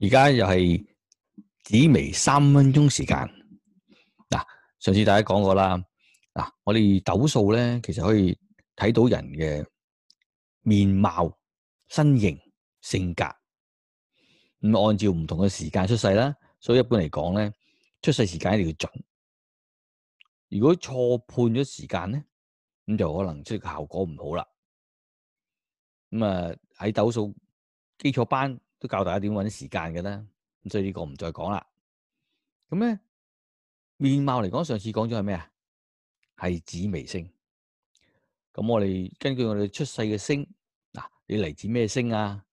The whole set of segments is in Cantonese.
而家又係紫微三分鐘時間嗱，上次大家講過啦嗱，我哋斗數咧其實可以睇到人嘅面貌、身形、性格咁，按照唔同嘅時間出世啦，所以一般嚟講咧，出世時間一定要準。如果錯判咗時間咧，咁就可能出效果唔好啦。咁啊喺斗數基礎班。都教大家點搵啲時間嘅啦，咁所以這個不呢個唔再講啦。咁咧面貌，嚟講，上次講咗係咩啊？係紫微星。咁我哋根據我哋出世嘅星，嗱，你嚟自咩星啊？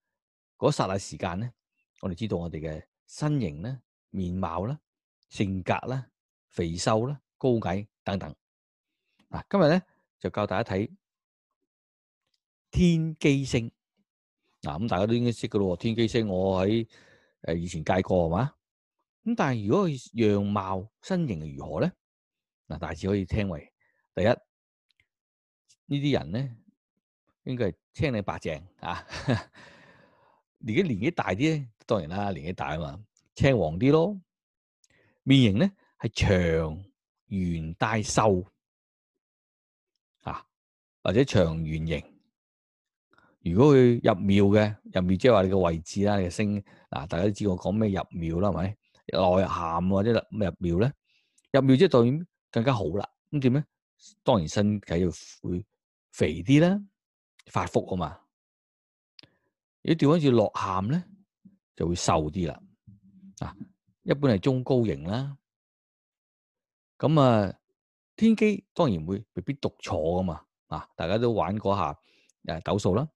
嗰剎那時間咧，我哋知道我哋嘅身形咧、面貌啦、性格啦、肥瘦啦、高矮等等。嗱，今日咧就教大家睇天機星。嗱，咁大家都應該識噶啦，天機星我喺誒以前介過，係嘛？咁但係如果佢樣貌身形如何咧？嗱，大致可以聽為，第一呢啲人咧，應該係青靚白淨啊，而年紀大啲，當然啦，年紀大啊嘛，青黃啲咯，面型咧係長圓帶瘦啊，或者長圓形。如果佢入廟嘅入廟，即係話你個位置啦，你嘅星嗱，大家都知我講咩入廟啦，係咪落陷或者入廟咧？入廟即係代表更加好啦。咁點咧？當然身體要會肥啲啦，發福啊嘛。如果調翻轉落陷咧，就會瘦啲啦。嗱，一般係中高型啦。咁啊，天機當然會未必獨坐啊嘛。嗱，大家都玩過下誒斗數啦。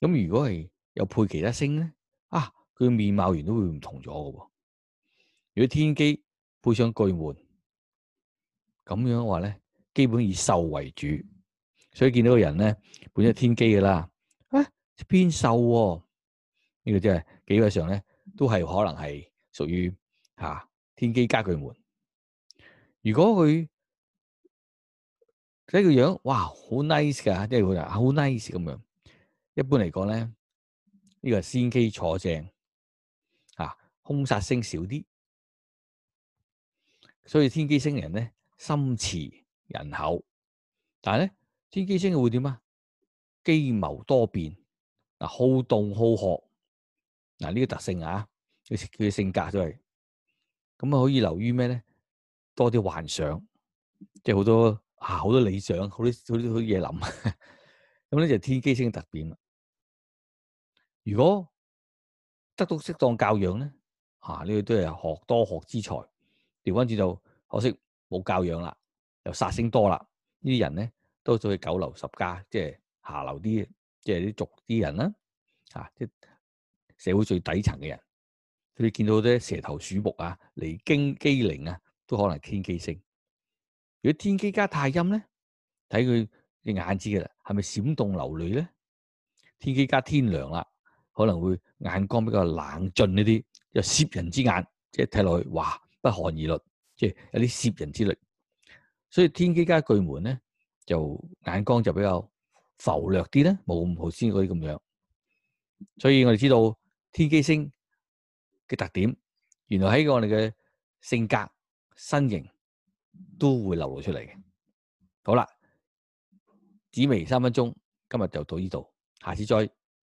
咁如果係又配其他星咧，啊，佢面貌原來都會唔同咗嘅。如果天機配上巨門，咁樣嘅話咧，基本以瘦為主，所以見到個人咧，本身天機嘅啦，啊，偏瘦，啊，這個就是，呢個真係基本上咧，都係可能係屬於吓天機加巨門。如果佢睇佢樣，哇，好 nice 噶即係佢啊，好 nice 咁樣。一般嚟講咧，呢、這個天機坐正啊，凶煞星少啲，所以天機星人咧，心慈仁厚，但係咧天機星會點啊？機謀多變，嗱，好動好學，嗱、啊、呢、這個特性啊，佢佢嘅性格都係咁啊，以可以流於咩咧？多啲幻想，即係好多啊，好多理想，好多好多好嘢諗，咁呢就天機星嘅特點。如果得到適當教養咧，嚇呢個都係學多學之才。調翻轉就可惜冇教養啦，又殺星多啦。呢啲人咧都走去九流十家，即係下流啲，即係啲俗啲人啦、啊啊，即係社會最底層嘅人。你見到啲蛇頭鼠目啊、離經機靈啊，都可能天機星。如果天機加太陰咧，睇佢隻眼子嘅啦，係咪閃動流淚咧？天機加天梁啦。可能會眼光比較冷峻呢啲，有攝人之眼，即係睇落去哇，不寒而栗，即係有啲攝人之力。所以天機加巨門咧，就眼光就比較浮略啲咧，冇五號先嗰啲咁樣。所以我哋知道天機星嘅特點，原來喺我哋嘅性格、身形都會流露出嚟嘅。好啦，紫微三分鐘，今日就到呢度，下次再